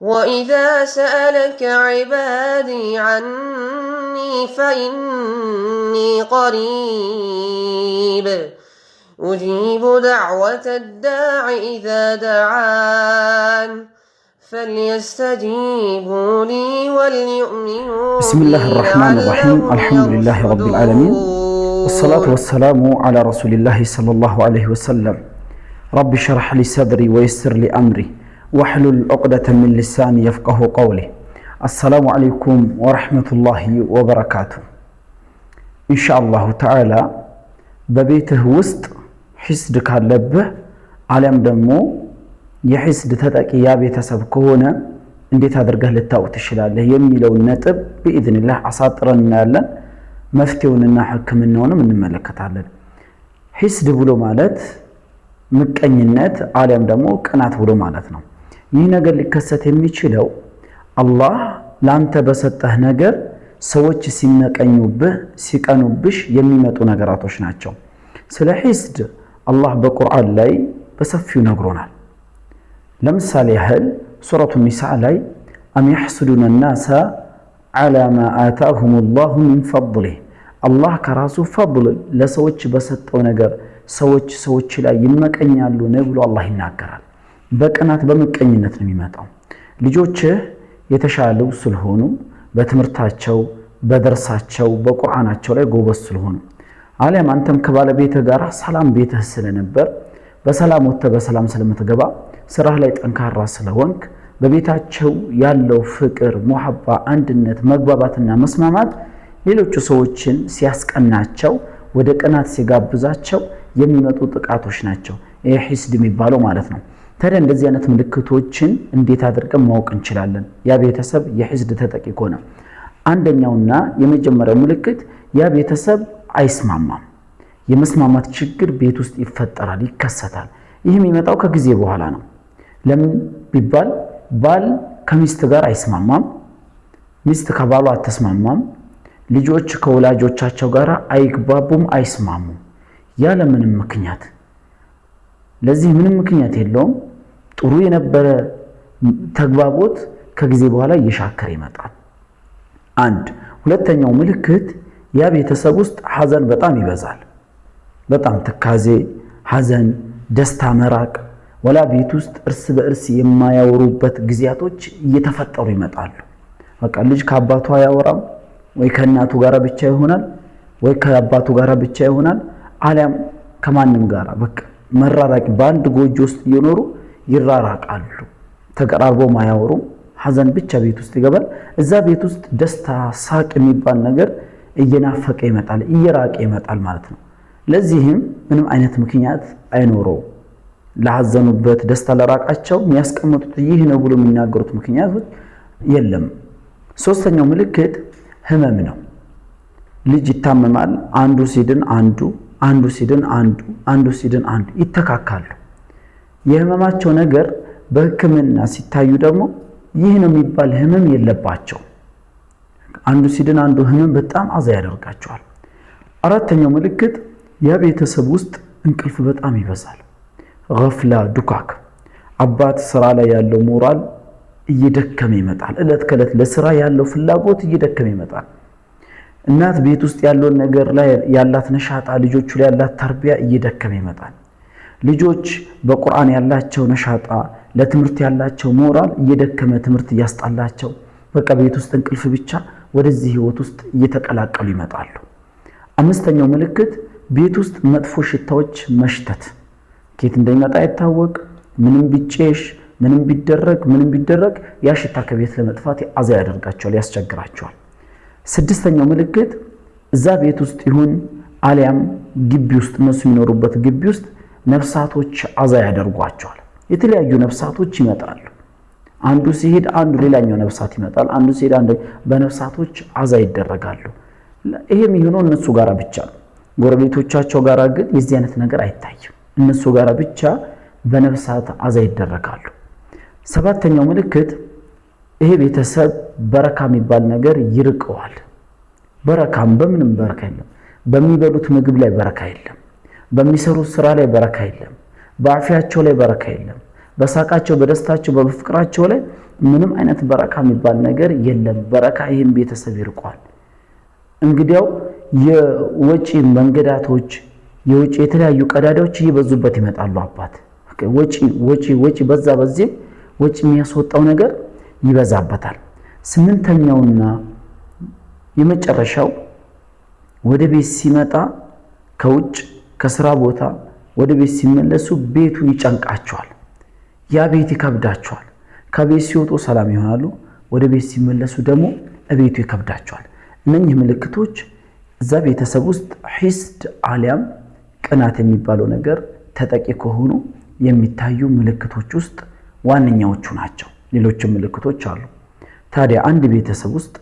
وإذا سألك عبادي عني فإني قريب أجيب دعوة الداع إذا دعان فليستجيبوا لي وليؤمنوا بسم الله الرحمن الرحيم الحمد لله رب العالمين والصلاة والسلام على رسول الله صلى الله عليه وسلم رب شرح لي صدري ويسر لي أمري واحلل عقدة من لساني يفقه قولي السلام عليكم ورحمة الله وبركاته إن شاء الله تعالى ببيته አሊያም ደግሞ የሒስድ ተጠቂ ያ ቤተሰብ ከሆነ እንዴት አድርገህ ልታውቅ ትችላለህ የሚለውን ነጥብ ብኢዝንላህ አሳጥረን እናያለን። መፍትሄውንና ሕክምናውንም እንመለከታለን። ሒስድ ብሎ ማለት ምቀኝነት አሊያም ደግሞ ቅናት ብሎ ማለት ነው። ይህ ነገር ሊከሰት የሚችለው አላህ ለአንተ በሰጠህ ነገር ሰዎች ሲመቀኙብህ ሲቀኑብሽ የሚመጡ ነገራቶች ናቸው። ስለ ሒስድ አላህ በቁርአን ላይ በሰፊው ነግሮናል። ለምሳሌ ያህል ሱረቱ ኒሳ ላይ አም ያሕስዱነ ናሳ ዓላ ማ አታሁም ላሁ ሚን ፈضሊህ አላህ ከራሱ ፈضል ለሰዎች በሰጠው ነገር ሰዎች ሰዎች ላይ ይመቀኛሉ ነው ብሎ አላህ ይናገራል። በቅናት በምቀኝነት ነው የሚመጣው። ልጆችህ የተሻሉ ስለሆኑ በትምህርታቸው፣ በደርሳቸው፣ በቁርአናቸው ላይ ጎበዝ ስለሆኑ አሊያም አንተም ከባለቤትህ ጋር ሰላም ቤትህ ስለነበር በሰላም ወጥተህ በሰላም ስለምትገባ ስራህ ላይ ጠንካራ ስለሆንክ በቤታቸው ያለው ፍቅር፣ ሙሐባ፣ አንድነት፣ መግባባትና መስማማት ሌሎቹ ሰዎችን ሲያስቀናቸው ወደ ቅናት ሲጋብዛቸው የሚመጡ ጥቃቶች ናቸው። ይህ ሒስድ የሚባለው ማለት ነው። ታዲያ እንደዚህ አይነት ምልክቶችን እንዴት አድርገን ማወቅ እንችላለን? ያ ቤተሰብ የሒስድ ተጠቂ ከሆነ አንደኛውና የመጀመሪያው ምልክት ያ ቤተሰብ አይስማማም። የመስማማት ችግር ቤት ውስጥ ይፈጠራል፣ ይከሰታል። ይህ የሚመጣው ከጊዜ በኋላ ነው። ለምን ቢባል ባል ከሚስት ጋር አይስማማም፣ ሚስት ከባሉ አትስማማም፣ ልጆች ከወላጆቻቸው ጋር አይግባቡም፣ አይስማሙም ያለምንም ምክንያት። ለዚህ ምንም ምክንያት የለውም። ጥሩ የነበረ ተግባቦት ከጊዜ በኋላ እየሻከረ ይመጣል። አንድ ሁለተኛው ምልክት ያ ቤተሰብ ውስጥ ሐዘን በጣም ይበዛል። በጣም ትካዜ፣ ሐዘን፣ ደስታ መራቅ ወላ ቤት ውስጥ እርስ በእርስ የማያወሩበት ጊዜያቶች እየተፈጠሩ ይመጣሉ። በቃ ልጅ ከአባቱ አያወራም ወይ ከእናቱ ጋር ብቻ ይሆናል ወይ ከአባቱ ጋር ብቻ ይሆናል፣ አሊያም ከማንም ጋር በቃ መራራቂ በአንድ ጎጆ ውስጥ እየኖሩ ይራራቃሉ። ተቀራርቦ ማያወሩ ሐዘን ብቻ ቤት ውስጥ ይገባል። እዛ ቤት ውስጥ ደስታ፣ ሳቅ የሚባል ነገር እየናፈቀ ይመጣል፣ እየራቀ ይመጣል ማለት ነው። ለዚህም ምንም አይነት ምክንያት አይኖረው። ለሐዘኑበት ደስታ ለራቃቸው የሚያስቀምጡት ይህ ነው ብሎ የሚናገሩት ምክንያቶች የለም። ሶስተኛው ምልክት ህመም ነው። ልጅ ይታመማል። አንዱ ሲድን አንዱ አንዱ ሲድን አንዱ አንዱ ሲድን አንዱ ይተካካሉ። የህመማቸው ነገር በህክምና ሲታዩ ደግሞ ይህ ነው የሚባል ህመም የለባቸው። አንዱ ሲድን አንዱ ህመም በጣም አዛ ያደርጋቸዋል። አራተኛው ምልክት የቤተሰብ ውስጥ እንቅልፍ በጣም ይበዛል። ገፍላ ዱካክ፣ አባት ስራ ላይ ያለው ሞራል እየደከመ ይመጣል። እለት ከእለት ለስራ ያለው ፍላጎት እየደከመ ይመጣል። እናት ቤት ውስጥ ያለውን ነገር ላይ ያላት ነሻጣ፣ ልጆቹ ላይ ያላት ተርቢያ እየደከመ ይመጣል። ልጆች በቁርአን ያላቸው ነሻጣ፣ ለትምህርት ያላቸው ሞራል እየደከመ ትምህርት እያስጣላቸው በቃ ቤት ውስጥ እንቅልፍ ብቻ ወደዚህ ህይወት ውስጥ እየተቀላቀሉ ይመጣሉ። አምስተኛው ምልክት ቤት ውስጥ መጥፎ ሽታዎች መሽተት፣ ኬት እንደሚመጣ አይታወቅ። ምንም ቢጨሽ፣ ምንም ቢደረግ፣ ምንም ቢደረግ ያ ሽታ ከቤት ለመጥፋት አዛ ያደርጋቸዋል፣ ያስቸግራቸዋል። ስድስተኛው ምልክት እዛ ቤት ውስጥ ይሁን አሊያም ግቢ ውስጥ እነሱ የሚኖሩበት ግቢ ውስጥ ነፍሳቶች አዛ ያደርጓቸዋል። የተለያዩ ነፍሳቶች ይመጣሉ። አንዱ ሲሄድ አንዱ ሌላኛው ነፍሳት ይመጣል። አንዱ ሲሄድ አንዱ በነፍሳቶች አዛ ይደረጋሉ። ይሄም የሚሆነው እነሱ ጋራ ብቻ ነው። ጎረቤቶቻቸው ጋራ ግን የዚህ አይነት ነገር አይታይም። እነሱ ጋራ ብቻ በነፍሳት አዛ ይደረጋሉ። ሰባተኛው ምልክት ይሄ ቤተሰብ በረካ የሚባል ነገር ይርቀዋል። በረካም በምንም በረካ የለም። በሚበሉት ምግብ ላይ በረካ የለም። በሚሰሩት ስራ ላይ በረካ የለም። በአፊያቸው ላይ በረካ የለም። በሳቃቸው፣ በደስታቸው፣ በፍቅራቸው ላይ ምንም አይነት በረካ የሚባል ነገር የለም። በረካ ይህም ቤተሰብ ይርቋል። እንግዲያው የወጪ መንገዳቶች፣ የውጭ የተለያዩ ቀዳዳዎች እየበዙበት ይመጣሉ። አባት ወጪ ወጪ ወጪ በዛ በዚህ ወጪ የሚያስወጣው ነገር ይበዛበታል። ስምንተኛውና የመጨረሻው ወደ ቤት ሲመጣ ከውጭ ከስራ ቦታ ወደ ቤት ሲመለሱ ቤቱ ይጨንቃቸዋል። ያ ቤት ይከብዳቸዋል። ከቤት ሲወጡ ሰላም ይሆናሉ። ወደ ቤት ሲመለሱ ደግሞ ቤቱ ይከብዳቸዋል። እነኚህ ምልክቶች እዛ ቤተሰብ ውስጥ ሂስድ አሊያም ቅናት የሚባለው ነገር ተጠቂ ከሆኑ የሚታዩ ምልክቶች ውስጥ ዋነኛዎቹ ናቸው። ሌሎችም ምልክቶች አሉ። ታዲያ አንድ ቤተሰብ ውስጥ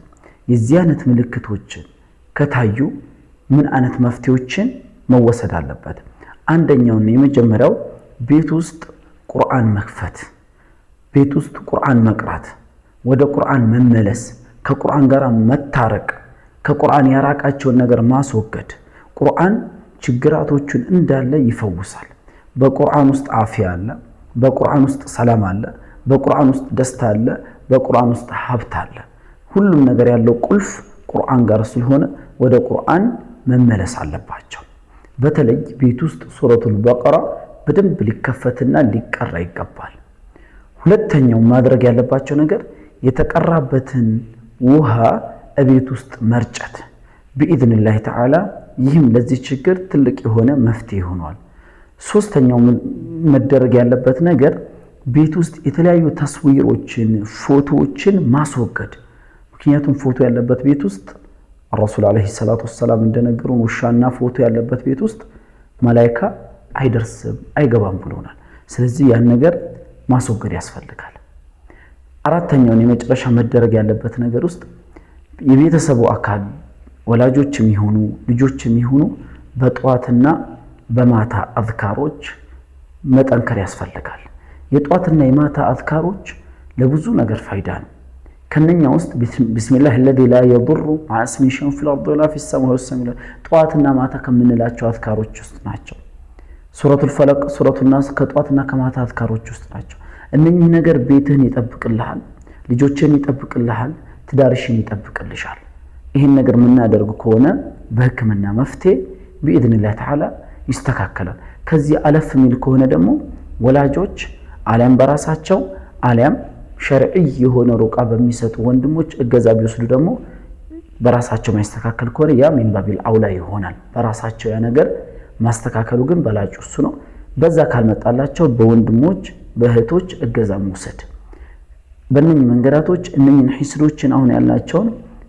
የዚህ አይነት ምልክቶችን ከታዩ ምን አይነት መፍትሄዎችን መወሰድ አለበት። አንደኛውና የመጀመሪያው ቤት ውስጥ ቁርአን መክፈት፣ ቤት ውስጥ ቁርአን መቅራት፣ ወደ ቁርአን መመለስ፣ ከቁርአን ጋር መታረቅ፣ ከቁርአን ያራቃቸውን ነገር ማስወገድ። ቁርአን ችግራቶቹን እንዳለ ይፈውሳል። በቁርአን ውስጥ አፊያ አለ። በቁርአን ውስጥ ሰላም አለ። በቁርአን ውስጥ ደስታ አለ። በቁርአን ውስጥ ሀብት አለ። ሁሉም ነገር ያለው ቁልፍ ቁርአን ጋር ስለሆነ ወደ ቁርአን መመለስ አለባቸው። በተለይ ቤት ውስጥ ሱረቱል በቀራ በደንብ ሊከፈትና ሊቀራ ይገባል። ሁለተኛው ማድረግ ያለባቸው ነገር የተቀራበትን ውሃ እቤት ውስጥ መርጨት ቢኢዝንላህ ተዓላ። ይህም ለዚህ ችግር ትልቅ የሆነ መፍትሄ ሆኗል። ሶስተኛው መደረግ ያለበት ነገር ቤት ውስጥ የተለያዩ ተስዊሮችን፣ ፎቶዎችን ማስወገድ። ምክንያቱም ፎቶ ያለበት ቤት ውስጥ ረሱል ዓለይሂ ሰላቱ ወሰላም እንደነገሩን ውሻና ፎቶ ያለበት ቤት ውስጥ መላይካ አይደርስም አይገባም ብሎናል። ስለዚህ ያን ነገር ማስወገድ ያስፈልጋል። አራተኛውን የመጨረሻ መደረግ ያለበት ነገር ውስጥ የቤተሰቡ አካል ወላጆች የሚሆኑ ልጆች የሚሆኑ በጠዋትና በማታ አዝካሮች መጠንከር ያስፈልጋል። የጠዋትና የማታ አዝካሮች ለብዙ ነገር ፋይዳ ነው። ከነኛ ውስጥ ቢስሚላህ ለዚ ላ የሩ ማዕስሚን ሸን ፊል ወላ ፊ ሰማ ጠዋትና ማታ ከምንላቸው አዝካሮች ውስጥ ናቸው። ሱረቱል ፈለቅ፣ ሱረቱል ናስ ከጠዋትና ከማታ አዝካሮች ውስጥ ናቸው። እነኚህ ነገር ቤትህን ይጠብቅልሃል፣ ልጆችን ይጠብቅልሃል፣ ትዳርሽን ይጠብቅልሻል። ይህን ነገር የምናደርግ ከሆነ በህክምና መፍትሄ ቢኢድንላህ ተዓላ ይስተካከላል። ከዚህ አለፍ የሚል ከሆነ ደግሞ ወላጆች አሊያም በራሳቸው አሊያም ሸርዕይ የሆነ ሩቃ በሚሰጡ ወንድሞች እገዛ ቢወስዱ ደግሞ በራሳቸው ማይስተካከል ከሆነ ያ ሚንባቢል አውላ ይሆናል። በራሳቸው ያ ነገር ማስተካከሉ ግን በላጩ እሱ ነው። በዛ ካልመጣላቸው በወንድሞች በእህቶች እገዛ መውሰድ በእነኝህ መንገዳቶች እነኝን ሂስዶችን አሁን ያላቸውን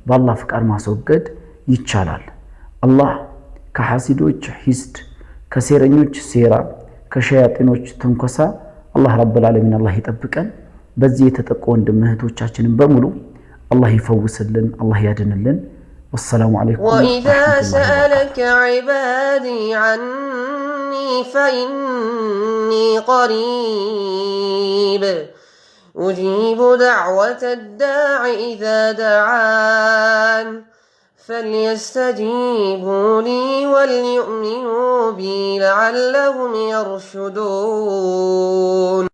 በአላህ ፍቃድ ማስወገድ ይቻላል። አላህ ከሐሲዶች ሂስድ ከሴረኞች ሴራ፣ ከሸያጢኖች ትንኮሳ አላህ ረብል ዓለሚን አላህ ይጠብቀን። በዚህ የተጠቁ ወንድም እህቶቻችንን በሙሉ الله يفوسلن الله يدنلن والسلام عليكم وإذا سألك عبادي عني فإني قريب أجيب دعوة الداع إذا دعان فليستجيبوا لي وليؤمنوا بي لعلهم يرشدون